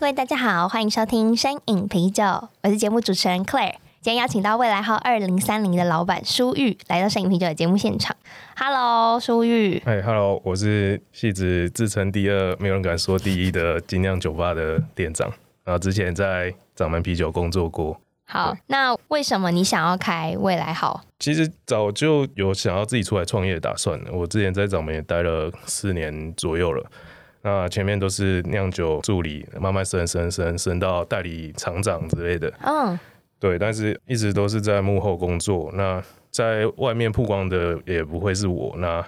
各位大家好，歡迎收聽聲飲啤酒，我是節目主持人 Claire，今天邀請到未來號二零三零的老闆書郁來到聲飲啤酒的節目現場。Hello，書郁。哎、hey，Hello，我是汐止自稱第二，沒有人敢說第一的精釀酒吧的店長啊， 然後之前在掌門啤酒工作過。好，那為什麼你想要開未來號？其實早就有想要自己出來創業的打算，我之前在掌門也待了四年左右了。那前面都是釀酒助理，慢慢升升升升到代理廠長之類的。嗯，oh. 對，但是一直都是在幕後工作。那在外面曝光的也不會是我。那，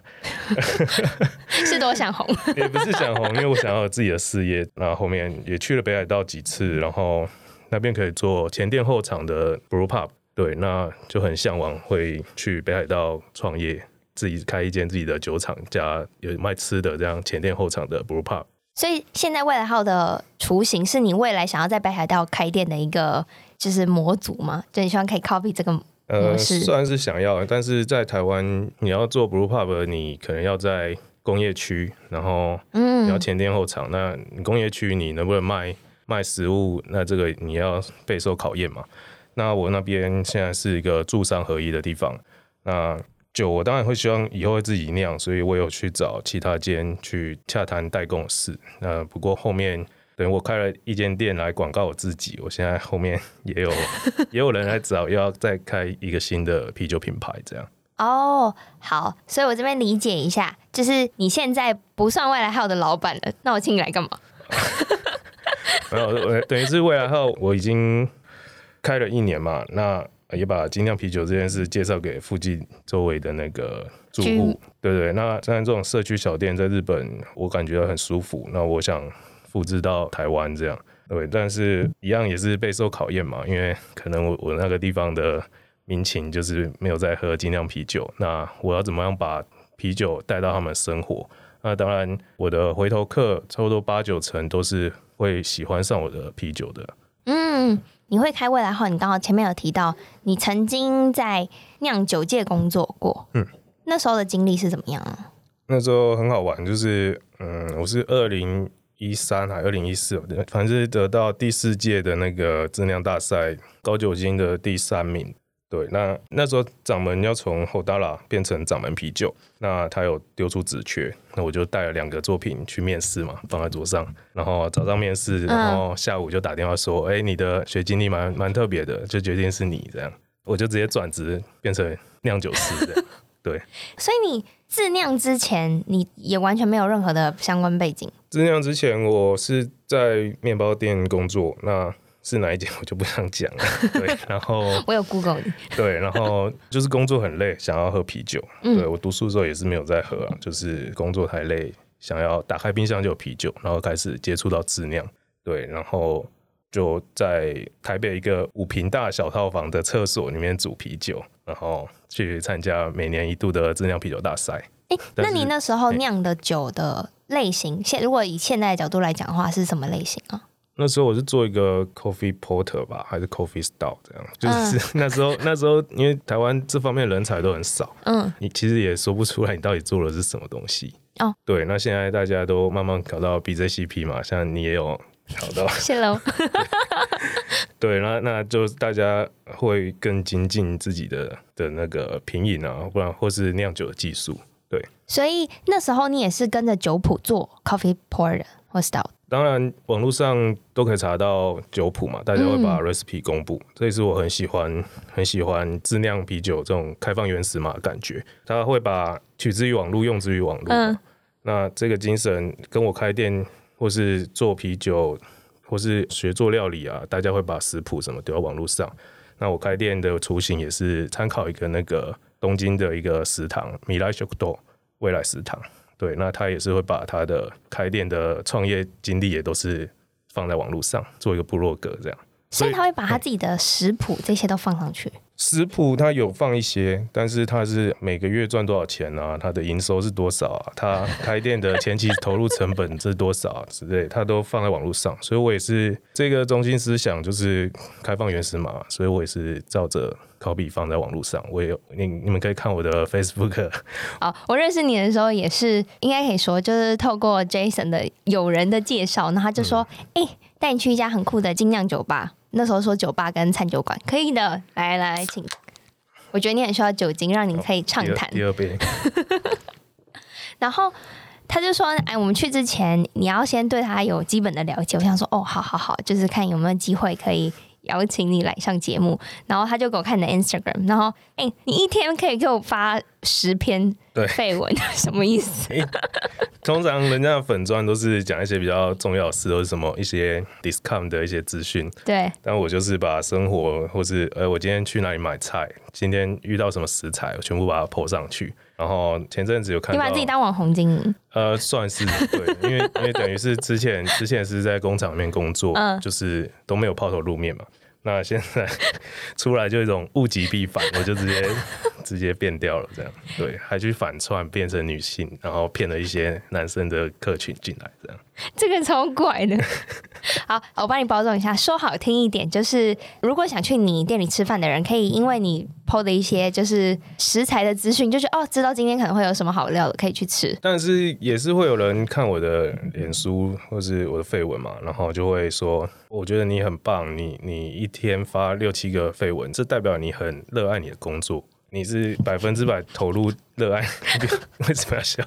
是多想紅？ 也不是想紅，因為我想要有自己的事業。 那後面也去了北海道幾次，然後那邊可以做前店後廠的 brew pub。對，那就很向往會去北海道創業。自己開一間自己的酒廠，加有賣吃的這樣前店後廠的 brew pub，所以現在未來號的雛形是你未來想要在北海道開店的一個就是模組嗎？就你希望可以 copy 這個模式，呃。雖然是想要，但是在台灣你要做 brew pub，你可能要在工業區，然後嗯，要前店後廠。嗯、那工業區你能不能賣賣食物？那這個你要備受考驗嘛。那我那邊現在是一個住商合一的地方，那，酒，我當然會希望以後會自己釀，所以我有去找其他間去洽談代工事。那、呃、不過後面等我開了一間店來廣告我自己，我現在後面也有 也有人來找，要再開一個新的啤酒品牌這樣。哦，oh, 好，所以我這邊理解一下，就是你現在不算未來號的老板了，那我請你來幹嘛？ 沒有，等於是未來號，我已經開了一年嘛，那。也把精釀啤酒這件事介紹給附近周圍的那個住戶，嗯、對，對對。那像這種社區小店，在日本我感覺到很舒服。那我想複制到台灣這樣，對。但是一樣也是備受考驗嘛，因為可能我我那個地方的民情就是沒有在喝精釀啤酒。那我要怎麼樣把啤酒帶到他們生活？那當然，我的回頭客差不多八九成都是會喜歡上我的啤酒的。嗯。你會開未來號，你剛好前面有提到你曾經在釀酒界工作過，嗯，那時候的經歷是怎麼樣啊？那時候很好玩，就是嗯，我是二零一三還是二零一四，反正是得到第四屆的那個質量大賽高酒精的第三名。對，那那時候掌門要從 Hodala 變成掌門啤酒，那他有丟出職缺，那我就帶了兩個作品去面試嘛，放在桌上，然後早上面試，然後下午就打電話說，哎、嗯欸，你的學經歷蠻蠻特別的，就決定是你這樣，我就直接轉職變成釀酒師這樣。 對，所以你自釀之前，你也完全沒有任何的相關背景。自釀之前，我是在麵包店工作，那。是哪一點我就不想講了。 對，然後我有 Google 你。 對，然後就是工作很累，想要喝啤酒。嗯、對，我讀書的時候也是沒有在喝啊，就是工作太累，想要打開冰箱就有啤酒，然後開始接觸到自釀。對，然後就在台北一個五坪大小套房的廁所裡面煮啤酒，然後去參加每年一度的自釀啤酒大賽。誒是那你那時候釀的酒的類型，現誒如果以現在的角度來講的話，是什麼類型啊？那時候我是做一個 coffee porter 吧，還是 coffee stout 這樣？就是那時候，嗯、那時候因為台灣這方面人才都很少，嗯，你其實也說不出來你到底做的是什麼東西。哦，對，那現在大家都慢慢考到 B J C P 嘛，像你也有考到。Hello。對，那那就大家會更精進自己的的那個品飲啊，不然或是釀酒的技術。對。所以那時候你也是跟着酒譜做 coffee porter 或 stout 當然，網絡上都可以查到酒譜嘛，大家會把 recipe 公布，嗯、這也是我很喜歡、很喜歡自釀啤酒這種開放原始碼的感覺。他會把取之於網絡，用之於網絡。嗯、那這個精神跟我開店，或是做啤酒，或是學做料理啊，大家會把食譜什麼丟到網絡上。那我開店的雛形也是參考一個那個東京的一個食堂，米來修庫多未來食堂。對，那他也是會把他的開店的創業經歷也都是放在網絡上，做一個部落格這樣。所以他會把他自己的食譜這些都放上去。嗯、食譜他有放一些，但是他是每個月賺多少錢啊？他的營收是多少啊？他開店的前期投入成本是多少啊？ 之類，他都放在網絡上。所以我也是這個中心思想就是開放原始碼嘛，所以我也是照着 copy 放在網絡上。我也你你們可以看我的 Facebook。我認識你的時候也是，應該可以說就是透過 Jason 的友人的介紹，然後他就說：“哎、嗯，帶、欸、你去一家很酷的精釀酒吧。”那時候說酒吧跟餐酒館可以的，來來，請。我覺得你很需要酒精，讓你可以暢談。哦、第二杯。 然後他就說：“哎，我們去之前你要先對他有基本的了解。”我想說：“哦，好好好，就是看有沒有機會可以。”邀請你來上節目，然後他就給我看你的 Instagram，然後哎、欸，你一天可以給我發十篇廢文，對，什麼意思？ 通常人家的粉專都是講一些比較重要的事，或是什麼一些 discount 的一些資訊。對，但我就是把生活，或是、欸、我今天去哪裡買菜，今天遇到什麼食材，我全部把它 po 上去。然後前陣子有看到，你把自己當網紅經營，呃，算是對，因為 因為等於是之前之前是在工廠裡面工作， 就是都沒有拋頭露面嘛，那現在出來就一種物極必反，我就直接直接變掉了這樣，對，還去反串變成女性，然後騙了一些男生的客群進來這樣。這個超怪的，好，我幫你包裝一下，說好聽一點，就是如果想去你店裡吃飯的人，可以因為你 PO 的一些就是食材的資訊，就是哦，知道今天可能會有什麼好料的可以去吃。但是也是會有人看我的臉書或是我的廢文嘛，然後就會說，我覺得你很棒，你你一天發六七個廢文，這代表你很熱愛你的工作。你是百分之百投入熱愛，為什麼要笑？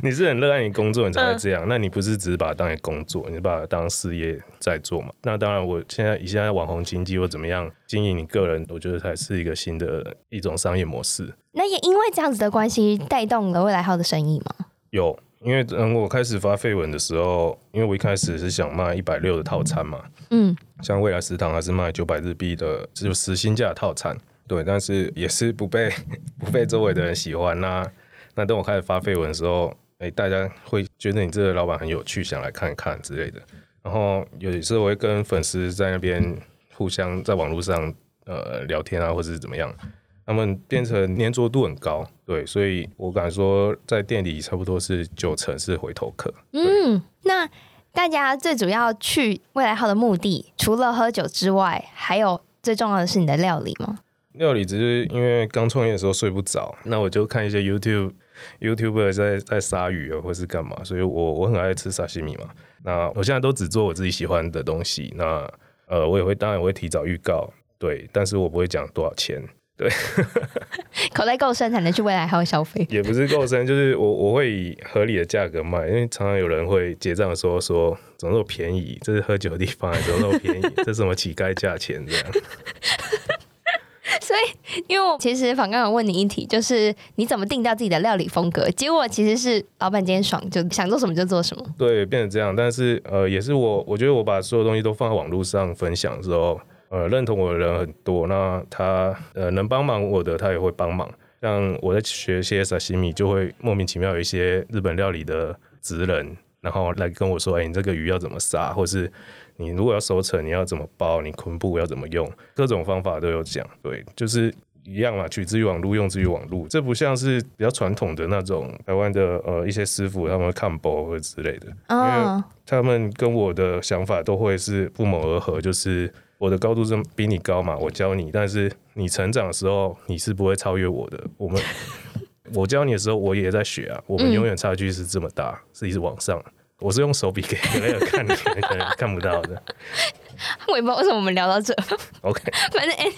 你是很熱愛你工作，你才會這樣。嗯、那你不是只是把它當你工作，你把它當事業在做嘛？那當然，我現在以現在網紅經濟或怎麼樣經營你個人，我覺得才是一個新的一種商業模式。那也因為這樣子的關係，帶動了未來號的生意嗎？有，因為嗯，我開始發廢文的時候，因為我一開始是想賣一百六的套餐嘛，嗯，像未來食堂還是賣九百日幣的，只有實心價套餐。對，但是也是不被不被周圍的人喜歡啦，啊。那等我開始發廢文的時候，哎，大家會覺得你這個老板很有趣，想來看一看之類的。然後有一次，我會跟粉絲在那邊互相在網絡上呃聊天啊，或是怎麼樣，他們變成粘着度很高。對，所以我敢說，在店裡差不多是九成是回頭客。嗯，那大家最主要去未來號的目的，除了喝酒之外，還有最重要的是你的料理嗎？料理只是因為剛創業的時候睡不着，那我就看一些 YouTube YouTuber 在在殺魚啊，或是幹嘛，所以我我很愛吃沙西米嘛。那我現在都只做我自己喜歡的東西。那呃，我也會當然我會提早預告，對，但是我不會講多少錢，對。 口袋夠深才能去未來號消費。 也不是夠深，就是我我會以合理的價格賣，因為常常有人會結賬說說，怎麼那麼便宜？這是喝酒的地方，怎麼那麼便宜？ 這什麼乞丐價錢這樣。因為其實反剛剛我問你一題，就是你怎麼定調自己的料理風格？結果其實是老闆今天爽就想做什麼就做什麼，對，變成這樣。但是呃，也是我我覺得我把所有東西都放在網絡上分享之後，呃，認同我的人很多。那他呃能幫忙我的，他也會幫忙。像我在學些沙西米，就會莫名其妙有一些日本料理的職人，然後來跟我說：“哎，你這個魚要怎麼殺？”或者是。你如果要收扯，你要怎麼包？你捆布要怎麼用？各種方法都有講，對，就是一樣嘛，取之於網絡，用之於網絡。這不像是比較傳統的那種台灣的呃一些師傅，他們會看博或者之類的，oh. 因為他們跟我的想法都會是不謀而合。就是我的高度是比你高嘛，我教你，但是你成長的時候你是不會超越我的。我們 我教你的時候我也在學啊，我們永遠差距是這麼大，嗯、是一直往上。我是用手比給沒有看 看不到的。我也不知道為什麼我們聊到這。OK，反正哎、欸，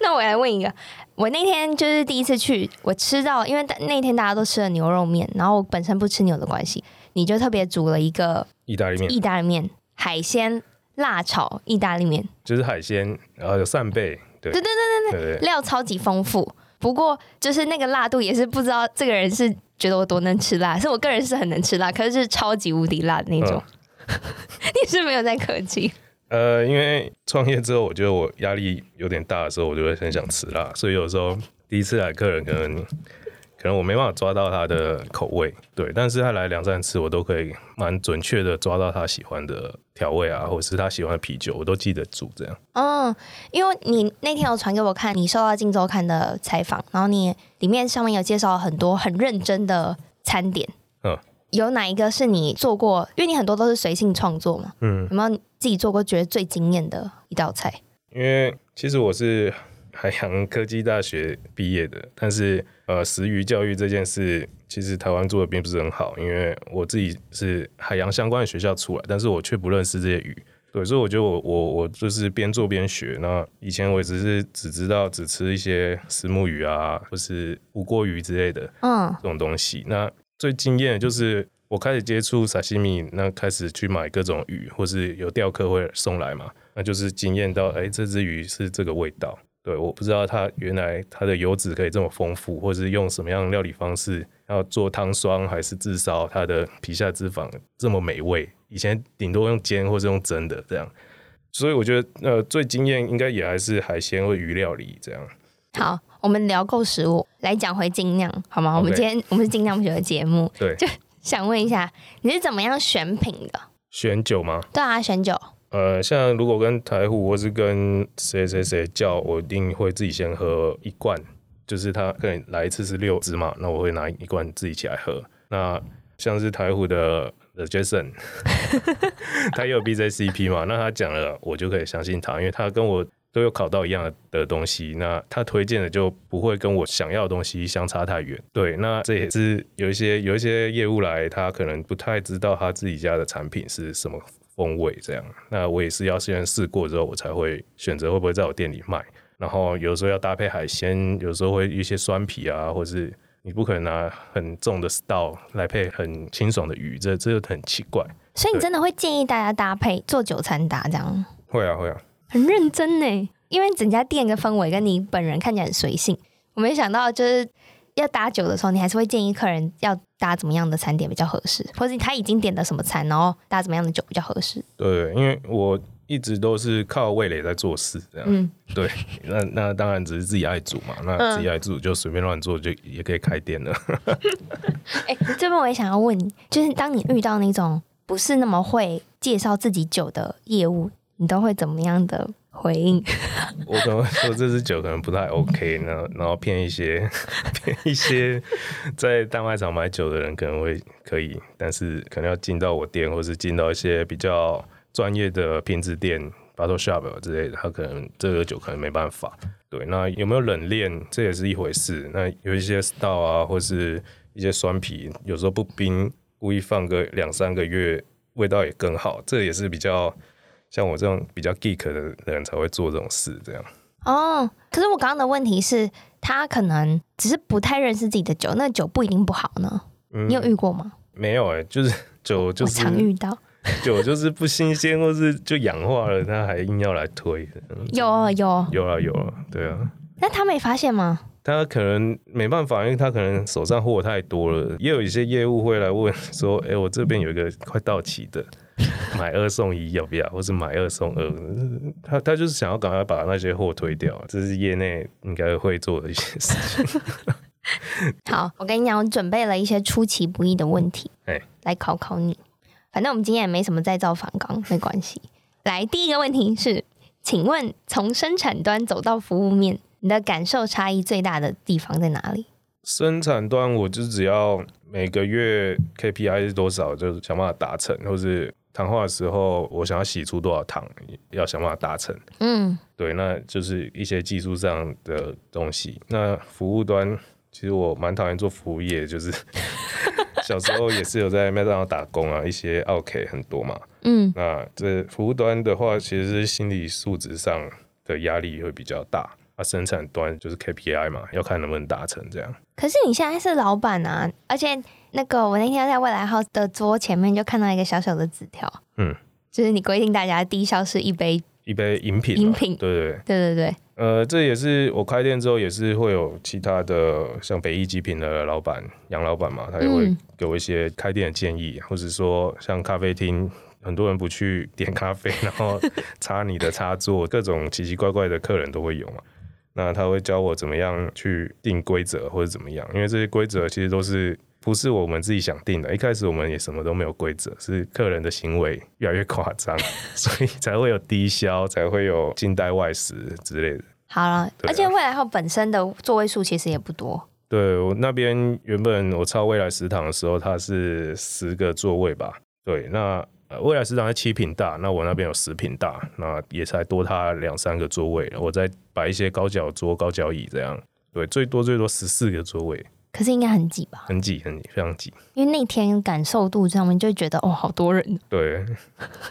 那我來問一個，我那天就是第一次去，我吃到，因為那天大家都吃了牛肉麵，然後我本身不吃牛的關係，你就特別煮了一個意大利麵，意大利面海鮮辣炒意大利麵，就是海鮮，然後有扇貝，對,對對對對對，對對對，料超級豐富。不過就是那個辣度也是不知道這個人是。覺得我多能吃辣，是我個人是很能吃辣，可是是超級無敵辣的那種。嗯、 你是沒有在客氣。呃，因為創業之後，我覺得我壓力有點大的時候，我就會很想吃辣，所以有時候第一次來客人，可能可能我沒辦法抓到他的口味，對，但是他來兩三次，我都可以蠻準確的抓到他喜歡的調味啊，或者是他喜歡的啤酒，我都記得煮這樣。嗯，因為你那天有傳給我看，你受到鏡週刊的採訪，然後你裡面上面有介紹很多很認真的餐點。嗯。有哪一個是你做過？因為你很多都是隨性創作嘛。嗯。有沒有你自己做過覺得最驚豔的一道菜？因為其實我是海洋科技大學畢業的，但是呃，食魚教育這件事。其實台灣做的並不是很好，因為我自己是海洋相關的學校出來，但是我卻不認識這些魚，對，所以我覺得我我我就是邊做邊學。那以前我只是只知道只吃一些虱目魚啊，或是吳郭魚之類的，哦、這種東西。那最驚豔的就是我開始接觸沙西米，那開始去買各種魚，或是有釣客會送來嘛，那就是驚豔到，哎，這只魚是這個味道。對，我不知道它原來它的油脂可以這麼豐富，或是用什麼樣料理方式要做湯霜，還是炙燒它的皮下脂肪這麼美味。以前頂多用煎或是用蒸的這樣，所以我覺得呃最驚豔應該也還是海鮮或魚料理這樣。好，我們聊夠食物，來講回精釀好嗎？Okay. 我們今天我們是精釀啤酒的節目，對，就想問一下你是怎麼樣選品的？選酒嗎？對啊，選酒。呃，像如果跟台虎或是跟誰誰誰叫，我一定會自己先喝一罐，就是他可能來一次是六支嘛，那我會拿一罐自己起來喝。那像是台虎的、The、Jason， 他也有 BJCP 嘛，那他講了我就可以相信他，因為他跟我都有考到一樣的東西，那他推薦的就不會跟我想要的東西相差太遠。對，那這也是有一些有一些業務來，他可能不太知道他自己家的產品是什麼。風味這樣，那我也是要先試過之後，我才會選擇會不會在我店裡賣。然後有時候要搭配海鮮，有時候會一些酸啤啊，或者是你不可能拿很重的 style 來配很清爽的魚，這這就很奇怪。所以你真的會建議大家搭配做酒餐搭這樣？會啊會啊，對啊很認真呢，因為整家店的氛圍跟你本人看起來很隨性。我沒想到就是。要搭酒的時候，你還是會建議客人要搭怎麼樣的餐點比較合適，或是他已經點了什麼餐，然後搭怎麼樣的酒比較合適？對，因為我一直都是靠味蕾在做事，這樣。嗯、對，那那當然只是自己愛煮嘛，那自己愛煮就隨便亂做，嗯、就也可以開店了。哎， 這邊我也想要問你，就是當你遇到那種不是那麼會介紹自己酒的業務，你都會怎麼樣的？回應 我可能說，這支酒可能不太 OK，呢 然後騙一些騙一些在大賣場買酒的人可能會可以，但是可能要進到我店或是進到一些比較專業的品質店 bottle shop 之類的，他可能這個酒可能沒辦法。對，那有沒有冷鏈，這也是一回事。那有一些 store 啊或是一些酸啤，有時候不冰故意放個兩三個月，味道也更好，這也是比較。像我這種比較 geek 的人才會做這種事，這樣。哦，可是我剛剛的問題是他可能只是不太認識自己的酒，那酒不一定不好呢。嗯、你有遇過嗎？沒有哎、欸，就是酒就是我常遇到， 酒就是不新鮮或是就氧化了，他還硬要來推。有啊，有有啊有啊，對啊。那他沒發現嗎？他可能沒辦法，因為他可能手上貨太多了，也有一些業務會來問說：“哎、欸，我這邊有一個快到期的。”買二送一要不要？或是買二送二？他他就是想要趕快把那些貨推掉，這是業內應該會做的一些事情。 好，我跟你講，我準備了一些出其不意的問題，嘿來考考你。反正我們今天也沒什麼再造反攻，沒關係。來，第一個問題是，請問從生產端走到服務面，你的感受差異最大的地方在哪裡？生產端我就只要每個月 KPI 是多少，就是想辦法達成，或是。糖化的時候，我想要洗出多少糖，要想辦法達成。嗯，對，那就是一些技術上的東西。那服務端，其實我蠻討厭做服務業，就是 小時候也是有在麥當勞打工啊，一些奧客很多嘛。嗯，那這服務端的話，其實是心理素質上的壓力會比較大。啊，生產端就是 KPI 嘛，要看能不能達成這樣。可是你現在是老闆啊，而且。那個，我那天在未來號的桌前面就看到一個小小的紙條，嗯，就是你規定大家低消是一杯一杯飲品，品，飲品對，對對對對對呃，這也是我開店之後也是會有其他的，像北一極品的老闆楊老闆嘛，他也會給我一些開店的建議，嗯、或者說像咖啡廳，很多人不去點咖啡，然後插你的插座， 各種奇奇怪怪的客人都會有嘛，那他會教我怎麼樣去定規則或者怎麼樣，因為這些規則其實都是。不是我們自己想定的，一開始我們也什麼都沒有規則，是客人的行為越來越誇張， 所以才會有低消，才會有禁帶外食之類的。好了，啊、而且未來號本身的座位數其實也不多。對我那邊原本我抄未來食堂的時候，它是十個座位吧？對，那未來食堂的七坪大，那我那邊有十坪大，那也才多它兩三個座位，我再擺一些高腳桌、高腳椅這樣，對，最多最多十四個座位。可是應該很擠吧？很擠，很擠，非常擠。因為那天感受度上面就會覺得，哦，好多人。對。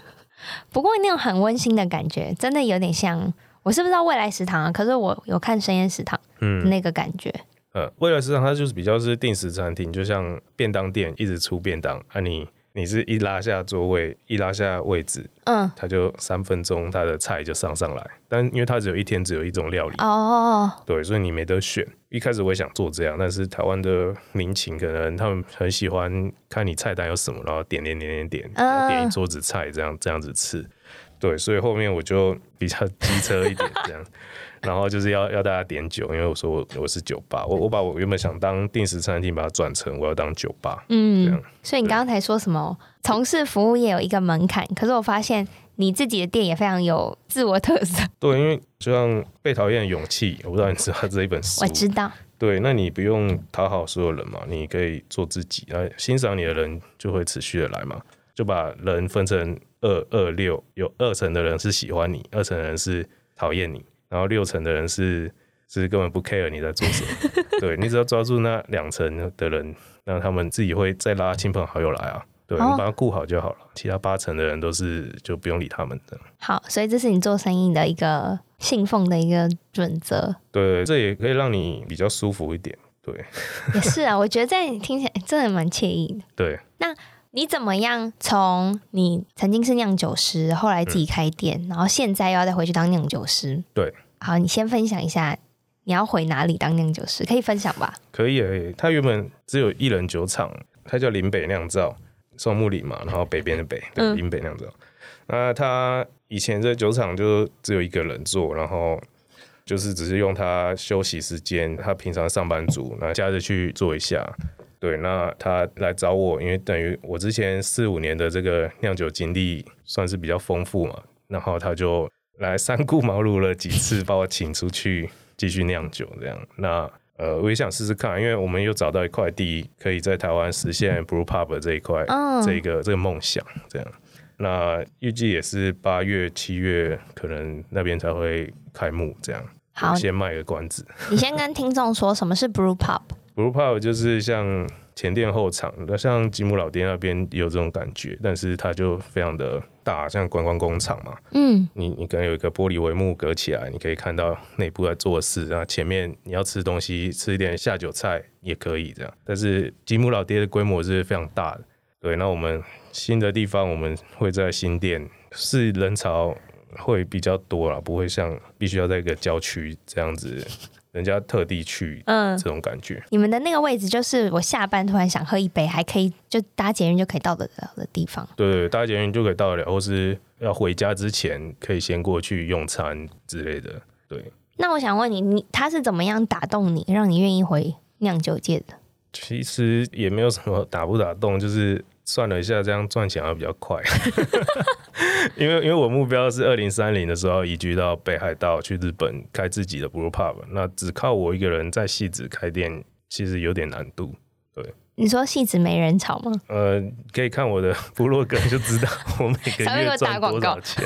不過那種很溫馨的感覺，真的有點像，我是不知道未來食堂啊？可是我有看深夜食堂，嗯，那個感覺。呃，未來食堂它就是比較是定時餐廳，就像便當店一直出便當，啊你，你你是一拉下座位，一拉下位置，嗯，它就三分鐘，它的菜就上上來。但因為它只有一天，只有一種料理哦，哦，哦，對，所以你沒得選。一開始我也想做這樣，但是台灣的民情可能他們很喜歡看你菜單有什麼，然後點點點點點，點一桌子菜這樣這樣子吃，對，所以後面我就比較機車一點這樣， 然後就是要要大家點酒，因為我說我我是酒吧，我我把我原本想當定食餐廳，把它轉成我要當酒吧，嗯，這樣。所以你剛才說什麼從事服務業有一個門檻，可是我發現。你自己的店也非常有自我特色，對，因為就像被討厭的勇氣，我不知道你知道這一本書？我知道，對，那你不用討好所有人嘛，你可以做自己，那欣賞你的人就會持續的來嘛，就把人分成二二六，有二層的人是喜歡你，二層的人是討厭你，然後六層的人是是根本不 care 你在做什麼， 對，你只要抓住那兩層的人，那他們自己會再拉親朋好友來啊。對，哦、你把它顧好就好了，其他八成的人都是就不用理他們的。好，所以這是你做生意的一個信奉的一個準則。對，這也可以讓你比較舒服一點。對，也是啊，我覺得在你聽起來真的蠻愜意的。對，那你怎麼樣？從你曾經是釀酒師，後來自己開店，嗯、然後現在又要再回去當釀酒師？對，好，你先分享一下，你要回哪裡當釀酒師？可以分享吧？可以、欸，他原本只有一人酒廠，他叫林北釀造。送木里嘛，然後北邊的北，嗯、對，東北那樣子。那他以前在酒廠就只有一個人做，然後就是只是用他休息時間，他平常上班族那假日去做一下。對，那他來找我，因為等於我之前四五年的這個釀酒經歷算是比較豐富嘛，然後他就來三顧茅廬了幾次， 把我請出去繼續釀酒這樣。那呃，我也想試試看，因為我們又找到一塊地，可以在台灣實現 Brewpub 這一塊，嗯、這個這個夢想，這樣。那預計也是八月，七月，可能那邊才會開幕，這樣。好，先賣個關子，你先跟聽眾說什麼是 Brewpub Brewpub 就是像前店後場，那像吉姆老爹那邊也有這種感覺，但是他就非常的大，像觀光工廠嘛，嗯，你你可能有一個玻璃帷幕隔起來，你可以看到內部在做事，然後前面你要吃東西，吃一點下酒菜也可以這樣。但是吉姆老爹的規模是非常大的，對。那我們新的地方，我們會在新店，是人潮會比較多啦，不會像必須要在一個郊區這樣子。人家特地去，嗯，這種感覺。你們的那個位置就是我下班突然想喝一杯，還可以就搭捷運就可以到得了的地方。對，搭捷運就可以到了，或是要回家之前可以先過去用餐之類的。對。那我想問你，你他是怎麼樣打動你，讓你願意回釀酒界的？其實也沒有什麼打不打動，就是。算了一下，這樣賺錢會比較快， 因為因為我目標是二零三零的時候移居到北海道去日本開自己的 brew pub，那只靠我一個人在汐止開店，其實有點難度。對，你說汐止沒人潮嗎？呃，可以看我的部落格就知道我每個月賺多少錢。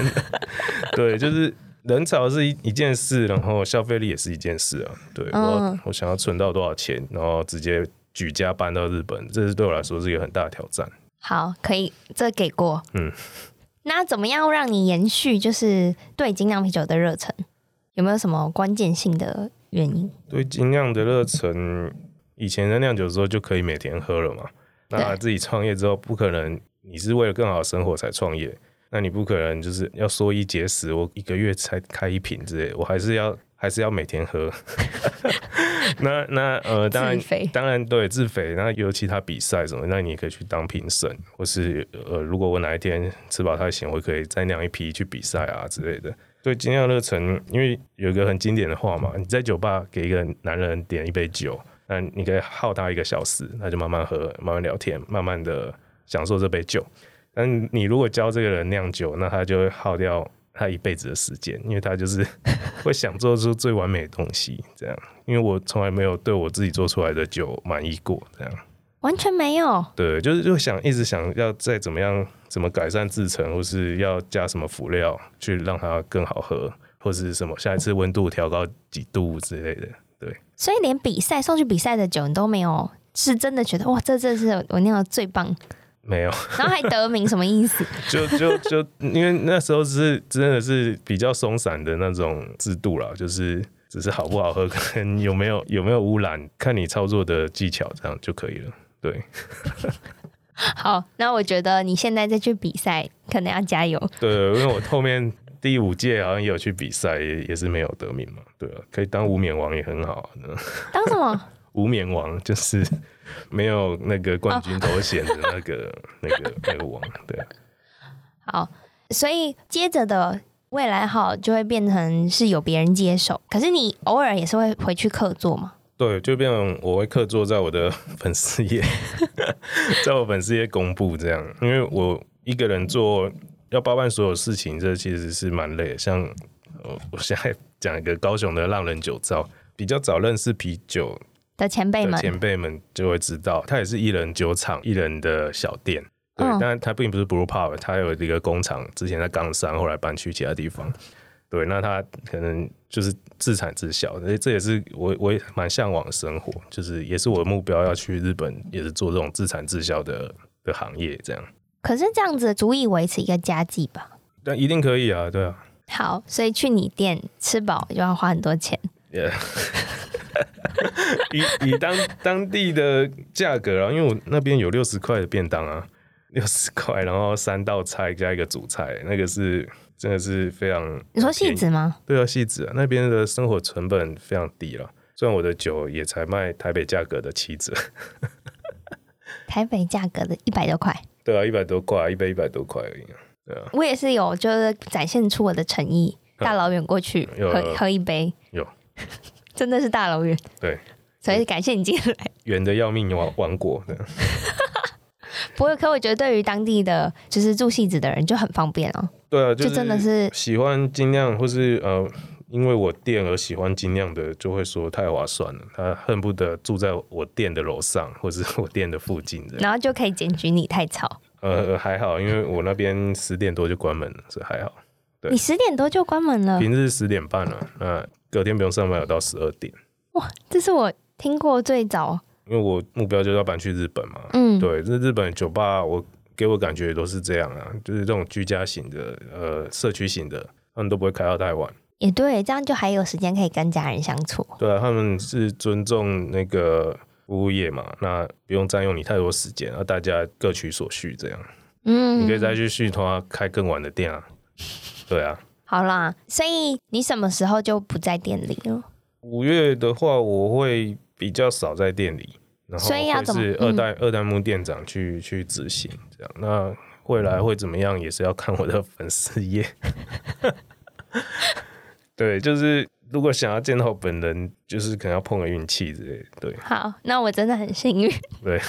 對，就是人潮是一一件事，然後消費力也是一件事啊。對我，我想要存到多少錢，然後直接舉家搬到日本，這是對我來說是一個很大的挑戰。好，可以，這給過。嗯，那怎麼樣讓你延續就是對精釀啤酒的熱忱？有沒有什麼關鍵性的原因？對精釀的熱忱，以前在釀酒的時候就可以每天喝了嘛。那自己創業之後，不可能，你是為了更好的生活才創業。那你不可能就是要縮衣節食，我一個月才開一瓶之類的，我還是要。還是要每天喝 那，那那呃，當然自肥，當然對自肥，那尤其他比賽什麼，那你也可以去當評審，或是呃，如果我哪一天吃飽太閒，我可以再釀一批去比賽啊之類的。所以今天的熱忱，因為有一個很經典的話嘛，你在酒吧給一個男人點一杯酒，那你可以耗他一個小時，他就慢慢喝，慢慢聊天，慢慢的享受這杯酒。但你如果教這個人釀酒，那他就會耗掉，他一輩子的時間，因為他就是會想做出最完美的東西，這樣。因為我從來沒有對我自己做出來的酒滿意過，這樣。完全沒有。對，就是就想一直想要再怎麼樣，怎麼改善制程，或是要加什麼輔料去讓它更好喝，或是什麼下一次溫度調高幾度之類的。對。所以連比賽，送去比賽的酒，你都沒有，是真的覺得哇，這個、這個、是我釀的最棒？沒有，然後還得名什麼意思？ 就就就因為那時候是真的是比較鬆散的那種制度啦，就是只是好不好喝，可能有沒有有沒有污染，看你操作的技巧這樣就可以了。對，好，那我覺得你現在再去比賽，可能要加油。對，因為我後面第五屆好像也有去比賽，也也是沒有得名嘛。對啊，可以當無冕王也很好啊。當什麼？ 無冕王就是。沒有那個冠軍頭銜的那個、那個、那個王，對。好，所以接着的未來號，就會變成是有別人接手。可是你偶爾也是會回去客座嗎？對，就變成我會客座在我的粉絲頁， 在我粉絲頁公布這樣，因為我一個人做要包辦所有事情，這其實是蠻累的。像我現在講一個高雄的浪人酒造，比較早認識啤酒，的前輩們，前輩們就會知道，他也是一人酒廠，一人的小店，對。嗯、但他並不是 Blue Power，他有一個工廠，之前在岡山，後來搬去其他地方，對。那他可能就是自產自銷，所以這也是我我也蠻向往的生活，就是也是我的目標，要去日本，也是做這種自產自銷的的行業這樣。可是這樣子足以維持一個家計吧？但一定可以啊，對啊。好，所以去你店吃飽就要花很多錢。Yeah. 以以當當地的價格了、啊，因為我那邊有六十塊的便當啊，六十塊，然後三道菜加一個主菜，那個是真的是非常。你說汐止嗎？對啊，汐止啊，那邊的生活成本非常低了。雖然我的酒也才賣台北價格的七折， 台北價格的一百多塊。對啊，一百多塊一杯，一百多塊而已。對啊，我也是有，就是展現出我的誠意，大老遠過去喝喝一杯。有。有有真的是大老遠，對，所以感謝你今天來。遠的要命玩，玩玩過，哈 不過，可我覺得對於當地的就是住汐止的人就很方便哦、喔。對啊，就真的是喜歡精釀，或是呃，因為我店而喜歡精釀的，就會說太划算了。他恨不得住在我店的樓上，或是我店的附近的，然後就可以檢舉你太吵。呃，還好，因為我那邊十點多就關門了，所以還好。對你十點多就關門了，平日十點半了，啊，那隔天不用上班有到十二點，哇，這是我聽過最早，因為我目標就是要搬去日本嘛，嗯，對，這日本酒吧我給我感覺都是這樣啊，就是這種居家型的，呃，社區型的，他們都不會開到太晚，也對，這樣就還有時間可以跟家人相處，對、啊、他們是尊重那個服務業嘛，那不用占用你太多時間，啊，大家各取所需這樣，嗯，嗯，你可以再去續他開更晚的店啊。對啊，好啦，所以你什麼時候就不在店裡了？五月的話，我會比較少在店裡，然後會是二代，所以要怎麼，嗯、二代目店長去去執行這樣。那未來會怎麼樣，也是要看我的粉絲頁。 對，就是如果想要見到本人，就是可能要碰個運氣之類。對，好，那我真的很幸運。對。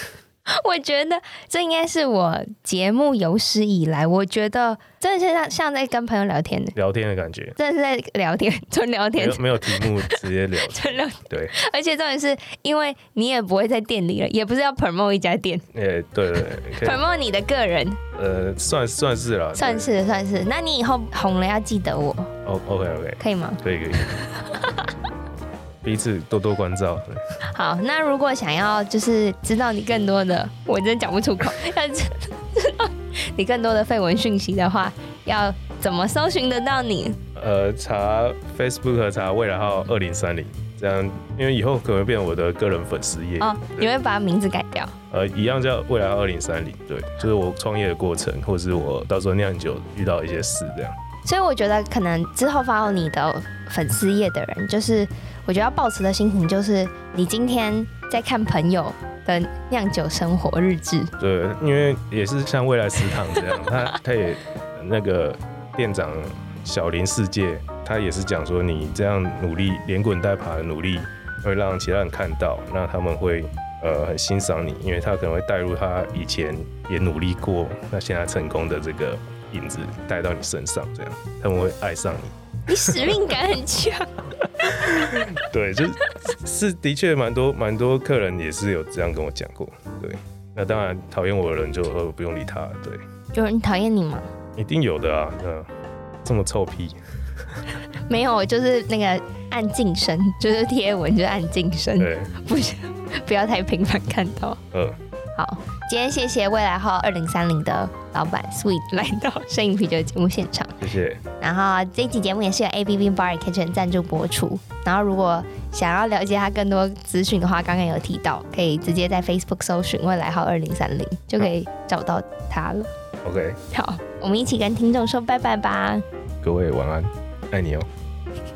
我覺得這應該是我節目有史以來，我覺得真的是像在跟朋友聊天聊天的感覺。真的是在聊天，純聊天沒有，沒有題目，直接聊天，純 天對。而且重點是因為你也不會在店裡了，也不是要 promote 一家店。誒，yeah, 對對，promote 你的個人。呃，算算是了，算是算是，算是。那你以後紅了要記得我。哦、oh,，OK OK，可以嗎？可以可以。可以 彼此多多關照。對好，那如果想要就是知道你更多的，我真的講不出口。要 知道你更多的緋聞訊息的話，要怎麼搜尋得到你？呃，查 Facebook 和查未來號二零三零，這樣，因為以後可能會變成我的個人粉絲頁。哦，對你會把名字改掉？呃，一樣叫未來二零三零。對，就是我創業的過程，或是我到時候釀酒遇到一些事這樣。所以我覺得可能之後發到你的粉絲頁的人，就是。我覺得要抱持的心情就是，你今天在看朋友的釀酒生活日誌。對，因為也是像未來食堂這樣，他他也那個店長小林世界，他也是講說，你這樣努力連滾帶爬的努力，會讓其他人看到，那他們會呃很欣賞你，因為他可能會帶入他以前也努力過，那現在成功的這個影子帶到你身上，這樣他們會愛上你。你使命感很強。 對，就是的確蠻多蠻多客人也是有這樣跟我講過。對，那當然討厭我的人就不用理他。對，有人討厭你嗎？嗯？一定有的啊，嗯，這麼臭屁。 沒有，就是那個按晉升，就是貼文，就是，按晉升，對，不是，不要太頻繁看到。嗯，好。.今天謝謝未來號二零三零的老板 Sweet 來到聲飲啤酒節目現場，謝謝。然後這期節目也是由 ABV Bar & Kitchen 贊助播出。然後如果想要了解他更多資訊的話，剛剛有提到，可以直接在 Facebook 搜尋未來號二零三零，就可以找到他了。OK，好，我們一起跟聽眾說拜拜吧。各位晚安，愛你哦，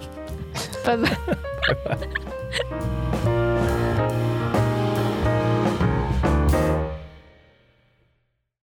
拜，拜， 拜拜，拜拜。